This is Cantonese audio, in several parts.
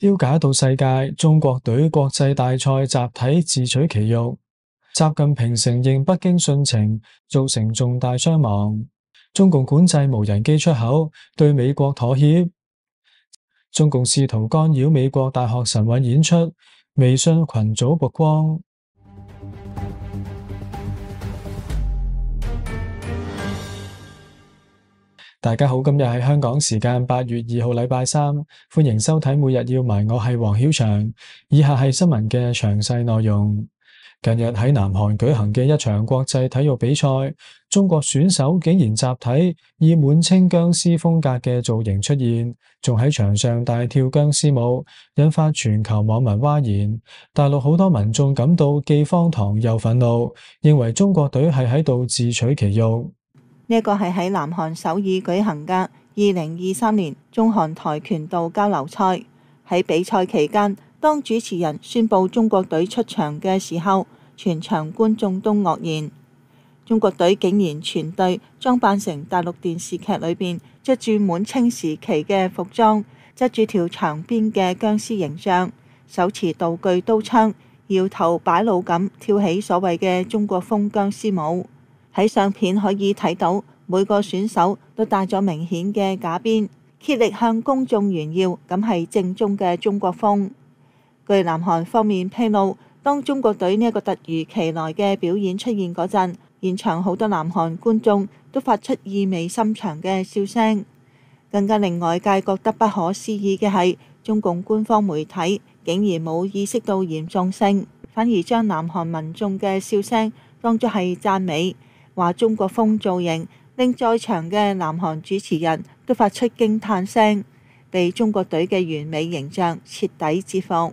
丟架到世界，中國隊國際大賽集體自取其辱。習近平承認北京汛情造成重大傷亡。中共管制無人機出口，對美國妥協。中共試圖干擾美國大學神韻演出，微信群組曝光。大家好，今日係香港時間八月二號禮拜三，歡迎收睇每日要聞，我係黃曉翔。以下係新聞嘅詳細內容。近日喺南韓舉行嘅一場國際體育比賽，中國選手竟然集體以滿清僵屍風格嘅造型出現，仲喺場上大跳僵屍舞，引發全球網民嘩然。大陸好多民眾感到既荒唐又憤怒，認為中國隊係喺度自取其辱。呢一個係喺南韓首爾舉行嘅二零二三年中韓跆拳道交流賽。喺比賽期間，當主持人宣布中國隊出場嘅時候，全場觀眾都愕然。中國隊竟然全隊裝扮成大陸電視劇裏邊着住滿清時期嘅服裝，著住條長辮嘅僵屍形象，手持道具刀槍，搖頭擺腦咁跳起所謂嘅中國風僵屍舞。喺相片可以睇到每個選手都戴咗明顯嘅假辮，竭力向公眾炫耀，咁係正宗嘅中國風。據南韓方面披露，當中國隊呢一個突如其來嘅表演出現嗰陣，現場好多南韓觀眾都發出意味深長嘅笑聲，更加令外界覺得不可思議嘅係中共官方媒體竟然冇意識到嚴重性，反而將南韓民眾嘅笑聲當作係讚美。話中國風造型令在場嘅南韓主持人都發出驚嘆聲，被中國隊嘅完美形象徹底折服。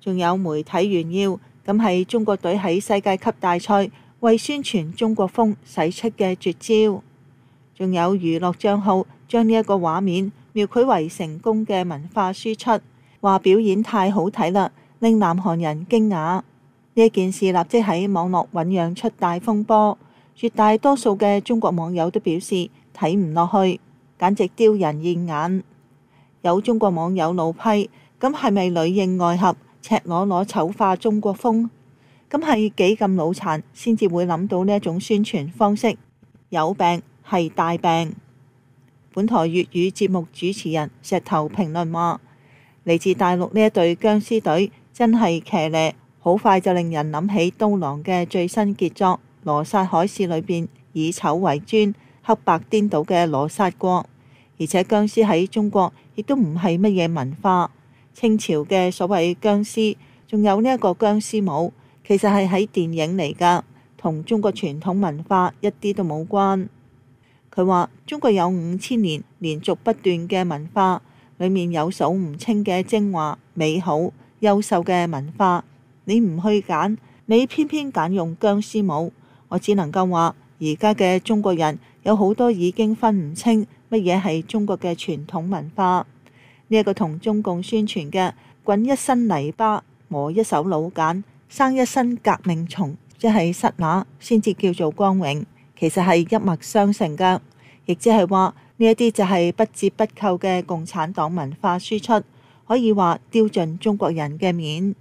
仲有媒體炫耀咁係中國隊喺世界級大賽為宣傳中國風使出嘅絕招。仲有娛樂賬號將呢一個畫面描繪為成功嘅文化輸出，話表演太好睇啦，令南韓人驚訝。呢件事立即喺網絡醞釀出大風波。絕大多數嘅中國網友都表示睇唔落去，簡直丟人現眼。有中國網友怒批：咁係咪女應外合、赤裸裸醜化中國風？咁係幾咁腦殘先至會諗到呢一種宣傳方式？有病係大病。本台粵語節目主持人石頭評論話：嚟自大陸呢一隊僵屍隊真係騎呢，好快就令人諗起刀郎嘅最新傑作。羅剎海市裏邊以醜為尊、黑白顛倒嘅羅剎國，而且僵屍喺中國亦都唔係乜嘢文化。清朝嘅所謂僵屍，仲有呢一個僵屍舞，其實係喺電影嚟噶，同中國傳統文化一啲都冇關。佢話中國有五千年連續不斷嘅文化，裡面有數唔清嘅精華、美好、優秀嘅文化。你唔去揀，你偏偏揀用僵屍舞。我只能夠話，而家嘅中國人有好多已經分唔清乜嘢係中國嘅傳統文化呢一個同中共宣傳嘅滾一身泥巴，磨一手老繭，生一身革命蟲，即係失乸，先至叫做光榮，其實係一脈相承嘅，亦即係話呢一啲就係不折不扣嘅共產黨文化輸出，可以話丟盡中國人嘅面。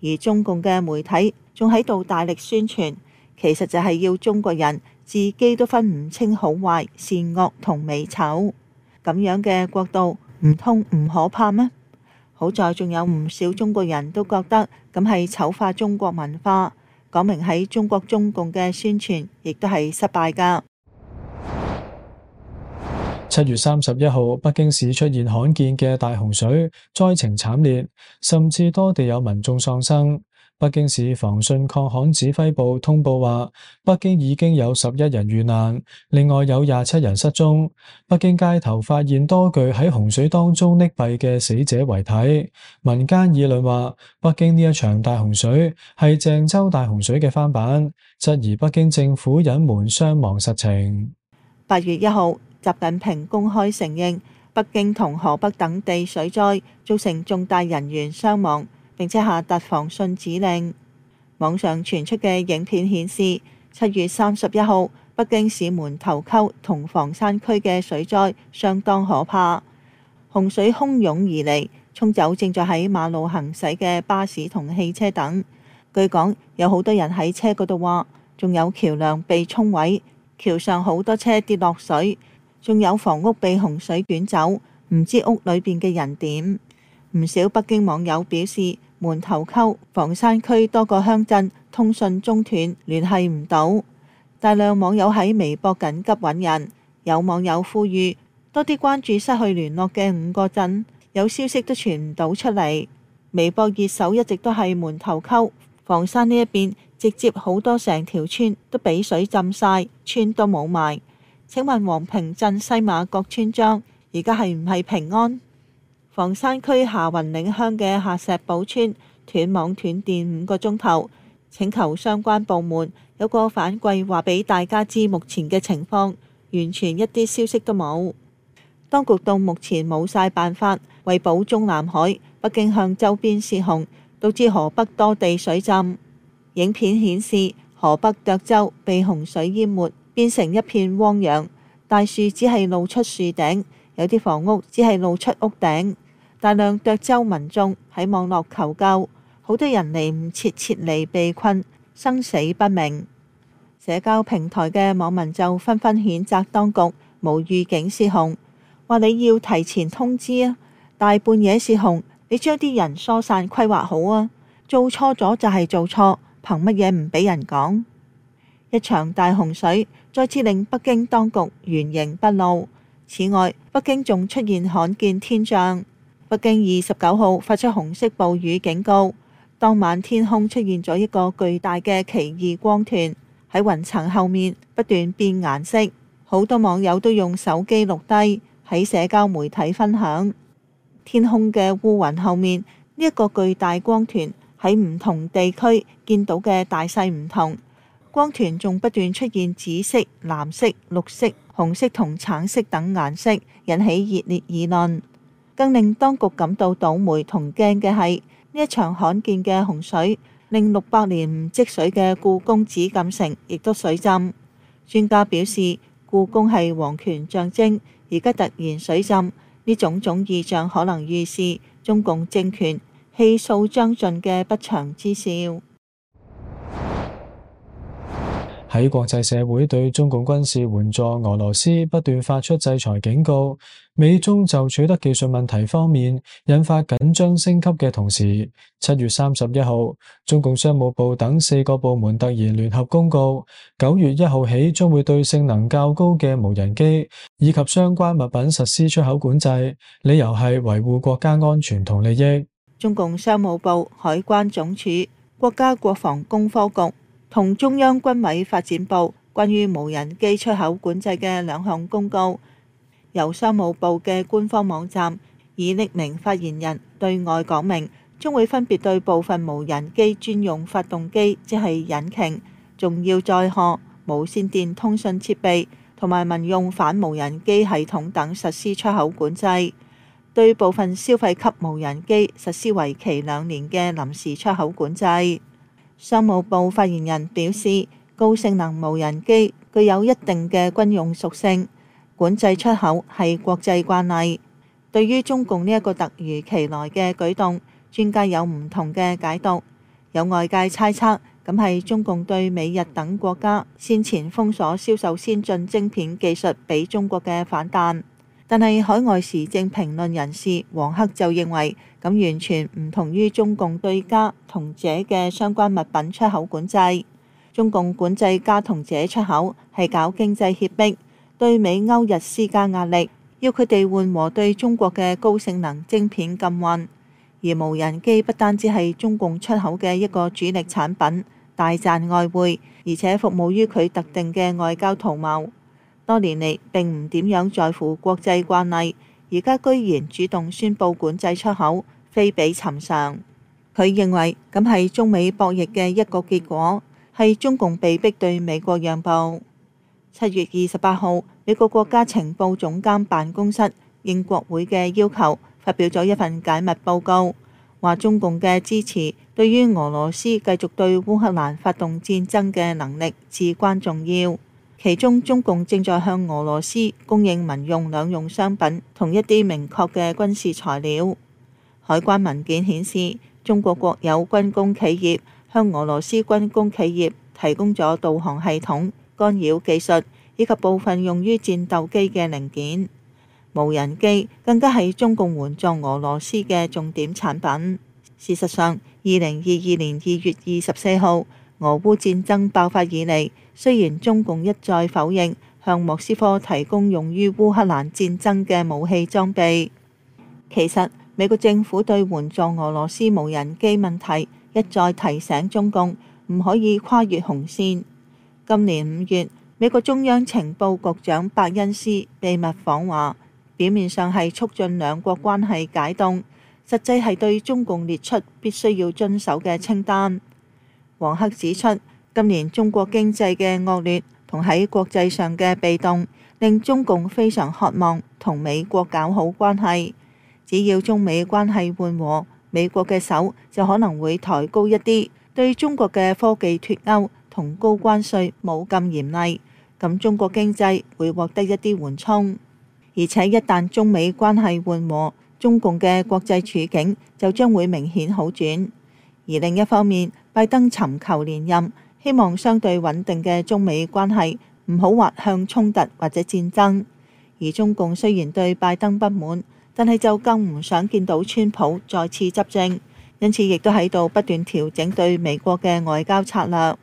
而中共嘅媒體仲喺度大力宣傳。其實就係要中國人自己都分唔清好壞善惡同美醜，咁樣嘅國度唔通唔可怕咩？好在仲有唔少中國人都覺得咁係醜化中國文化，講明喺中國中共嘅宣傳亦都係失敗噶。七月三十一號，北京市出現罕見嘅大洪水，災情慘烈，甚至多地有民眾喪生。北京市防汛抗旱指揮部通報話，北京已經有十一人遇難，另外有廿七人失蹤。北京街頭發現多具喺洪水當中溺斃嘅死者遺體。民間議論話，北京呢一場大洪水係鄭州大洪水嘅翻版，質疑北京政府隱瞞傷亡實情。八月一號，習近平公開承認北京同河北等地水災造成重大人員傷亡。並且下達防汛指令。網上傳出嘅影片顯示，七月三十一號，北京市門頭溝同房山區嘅水災相當可怕，洪水洶湧而嚟，沖走正在喺馬路行駛嘅巴士同汽車等。據講有好多人喺車嗰度話，仲有橋梁被沖毀，橋上好多車跌落水，仲有房屋被洪水捲走，唔知屋裏邊嘅人點。唔少北京網友表示。門頭溝房山區，多個鄉鎮通訊中斷，聯繫唔到，大量網友喺微博緊急揾人，有網友呼籲多啲關注失去聯絡嘅五個鎮，有消息都傳唔到出嚟。微博熱搜一直都係門頭溝房山呢一邊，直接好多成條村都俾水浸晒，村都冇埋。請問王平鎮西馬各村莊而家係唔係平安？房山區霞雲嶺鄉嘅下石堡村斷網斷電五個鐘頭，請求相關部門有個反饋，話俾大家知目前嘅情況完全一啲消息都冇。當局到目前冇晒辦法，為保中南海，北京向周邊洩洪，導致河北多地水浸。影片顯示河北涿州被洪水淹沒，變成一片汪洋，大樹只係露出樹頂，有啲房屋只係露出屋頂。大量涿州民眾喺網絡求救，好多人嚟唔切撤離，被困生死不明。社交平台嘅網民就紛紛譴責當局無預警泄洪，話你要提前通知啊！大半夜泄洪，你將啲人疏散規劃好啊！做錯咗就係做錯，憑乜嘢唔俾人講？一場大洪水再次令北京當局原形畢露。此外，北京仲出現罕見天象。北京二十九號發出紅色暴雨警告。當晚天空出現咗一個巨大嘅奇異光團，喺雲層後面不斷變顏色，好多網友都用手機錄低，喺社交媒體分享。天空嘅烏雲後面呢一個巨大光團，喺唔同地區見到嘅大細唔同，光團仲不斷出現紫色、藍色、綠色、紅色同橙色等顏色，引起熱烈議論。更令當局感到倒楣同驚嘅係，呢一場罕見嘅洪水令六百年唔積水嘅故宮紫禁城亦都水浸。專家表示，故宮係皇權象徵，而家突然水浸，呢種種異象可能預示中共政權氣數將盡嘅不祥之兆。喺國際社會對中共軍事援助俄羅斯不斷發出制裁警告，美中就取得技術問題方面引發緊張升級嘅同時，七月三十一號，中共商務部等四個部門突然聯合公告，九月一號起將會對性能較高嘅無人機以及相關物品實施出口管制，理由係維護國家安全同利益。中共商務部、海關總署、國家國防工科局。同中央軍委發展部關於無人機出口管制嘅兩項公告，由商務部嘅官方網站以匿名發言人對外講明，將會分別對部分無人機專用發動機即係引擎、重要載荷、無線電通訊設備同埋民用反無人機系統等實施出口管制，對部分消費級無人機實施為期兩年嘅臨時出口管制。商務部發言人表示，高性能無人機具有一定嘅軍用屬性，管制出口係國際慣例。對於中共呢一個突如其來嘅舉動，專家有唔同嘅解讀，有外界猜測，咁係中共對美日等國家先前封鎖銷售先進晶片技術俾中國嘅反彈。但係海外時政評論人士黃克就認為，咁完全唔同於中共對鎵同鍺嘅相關物品出口管制。中共管制鎵同鍺出口係搞經濟脅迫，對美歐日施加壓力，要佢哋緩和對中國嘅高性能晶片禁運，而無人機不單止係中共出口嘅一個主力產品，大賺外匯，而且服務於佢特定嘅外交圖謀。多年嚟並唔點樣在乎國際慣例，而家居然主動宣布管制出口，非比尋常。佢認為咁係中美博弈嘅一個結果，係中共被逼對美國讓步。七月二十八號，美國國家情報總監辦公室應國會嘅要求，發表咗一份解密報告，話中共嘅支持對於俄羅斯繼續對烏克蘭發動戰爭嘅能力至關重要。其中，中共正在向俄羅斯供應民用兩用商品同一啲明確嘅軍事材料。海關文件顯示，中國國有軍工企業向俄羅斯軍工企業提供咗導航系統、干擾技術以及部分用於戰鬥機嘅零件。無人機更加係中共援助俄羅斯嘅重點產品。事實上，二零二二年二月二十四號，俄烏戰爭爆發以嚟，雖然中共一再否認向莫斯科提供用於烏克蘭戰爭嘅武器裝備，其實美國政府對援助俄羅斯無人機問題一再提醒中共，唔可以跨越紅線。今年五月，美國中央情報局長伯恩斯秘密訪華，表面上係促進兩國關係解凍，實際係對中共列出必須要遵守嘅清單。王赫指出，今年中國經濟嘅惡劣同喺國際上嘅被動，令中共非常渴望同美國搞好關係。只要中美關係緩和，美國嘅手就可能會抬高一啲，對中國嘅科技脱鈎同高關稅冇咁嚴厲，咁中國經濟會獲得一啲緩衝。而且一旦中美關係緩和，中共嘅國際處境就將會明顯好轉。而另一方面，拜登尋求連任，希望相對穩定嘅中美關係唔好滑向衝突或者戰爭。而中共雖然對拜登不滿，但係就更唔想見到川普再次執政，因此亦都喺度不斷調整對美國嘅外交策略。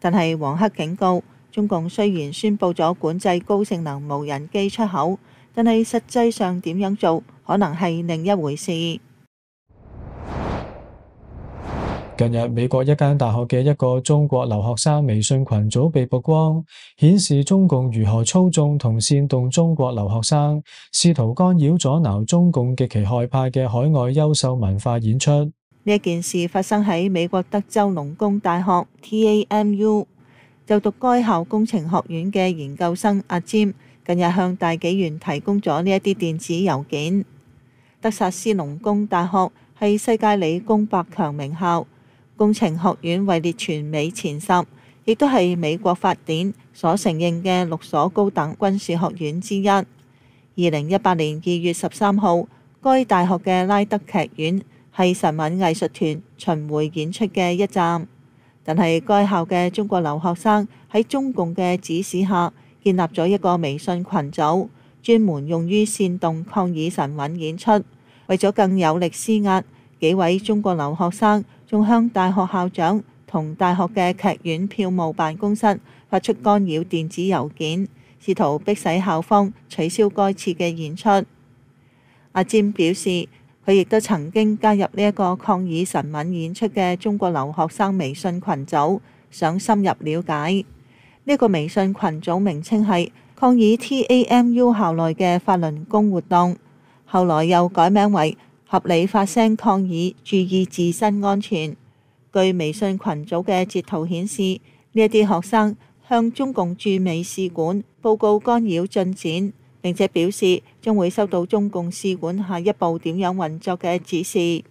但係黃克警告，中共雖然宣布咗管制高性能無人機出口，但係實際上點樣做可能係另一回事。近日，美國一間大學嘅一個中國留學生微信群組被曝光，顯示中共如何操縱同煽動中國留學生，試圖干擾阻撓中共極其害怕嘅海外優秀文化演出。呢一件事發生喺美國德州農工大學 （TAMU）。就讀該校工程學院嘅研究生阿占，近日向大紀元提供咗呢一啲電子郵件。德薩斯農工大學係世界理工百強名校。工程學院位列全美前十，亦都係美國法典所承認嘅六所高等軍事學院之一。二零一八年二月十三號，該大學嘅拉德劇院係神韻藝術團巡迴演出嘅一站。但係該校嘅中國留學生喺中共嘅指使下，建立咗一個微信群組，專門用於煽動抗議神韻演出。為咗更有力施壓，幾位中國留學生仲向大學校長同大學嘅劇院票務辦公室發出干擾電子郵件，試圖迫使校方取消該次嘅演出。阿占表示，佢亦都曾經加入呢一個抗議神韻演出嘅中國留學生微信群組，想深入了解呢、呢個微信群組名稱係抗議 TAMU 校內嘅法輪功活動，後來又改名為。合理發聲抗議，注意自身安全。據微信群組嘅截圖顯示，呢一啲學生向中共駐美使館報告干擾進展，並且表示將會收到中共使館下一步點樣運作嘅指示。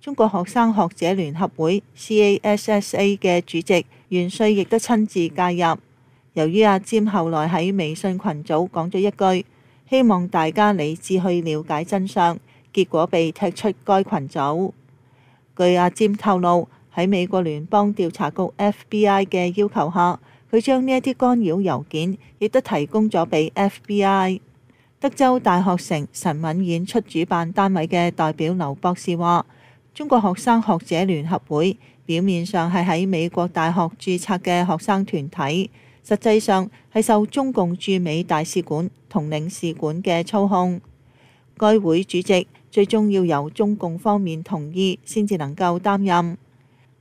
中國學生學者聯合會 （CASSA） 嘅主席袁帥亦都親自介入。由於阿占後來喺微信群組講咗一句，希望大家理智去了解真相。結果被踢出該群組。據阿占透露，喺美國聯邦調查局 FBI 嘅要求下，佢將呢一啲干擾郵件亦都提供咗俾 FBI。德州大學城神韻演出主辦單位嘅代表劉博士話，中國學生學者聯合會表面上係喺美國大學註冊嘅學生團體，實際上係受中共駐美大使館同領事館嘅操控。該會主席，最終要由中共方面同意先至能夠擔任。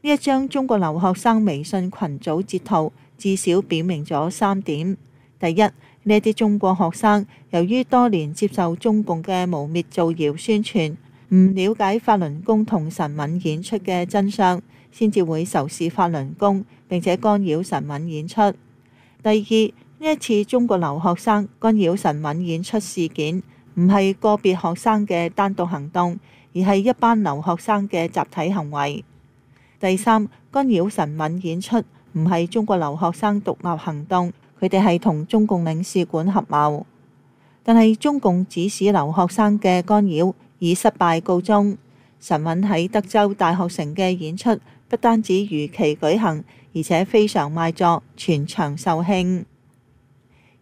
呢一張中國留學生微信群組截圖，至少表明咗三點：第一，呢啲中國學生由於多年接受中共嘅污蔑造謠宣傳，唔了解法輪功同神韻演出嘅真相，先至會仇視法輪功並且干擾神韻演出；第二，呢一次中國留學生干擾神韻演出事件。唔係個別學生嘅單獨行動，而係一班留學生嘅集體行為。第三，干擾神韻演出唔係中國留學生獨立行動，佢哋係同中共領事館合謀。但係中共指使留學生嘅干擾以失敗告終。神韻喺德州大學城嘅演出不單止如期舉行，而且非常賣座，全場售罄。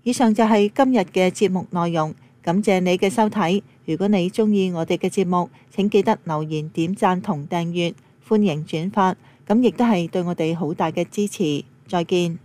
以上就係今日嘅節目內容。感謝你嘅收睇，如果你鍾意我哋嘅節目，請記得留言、點讚同訂閱，歡迎轉發，咁亦都係對我哋好大嘅支持。再見。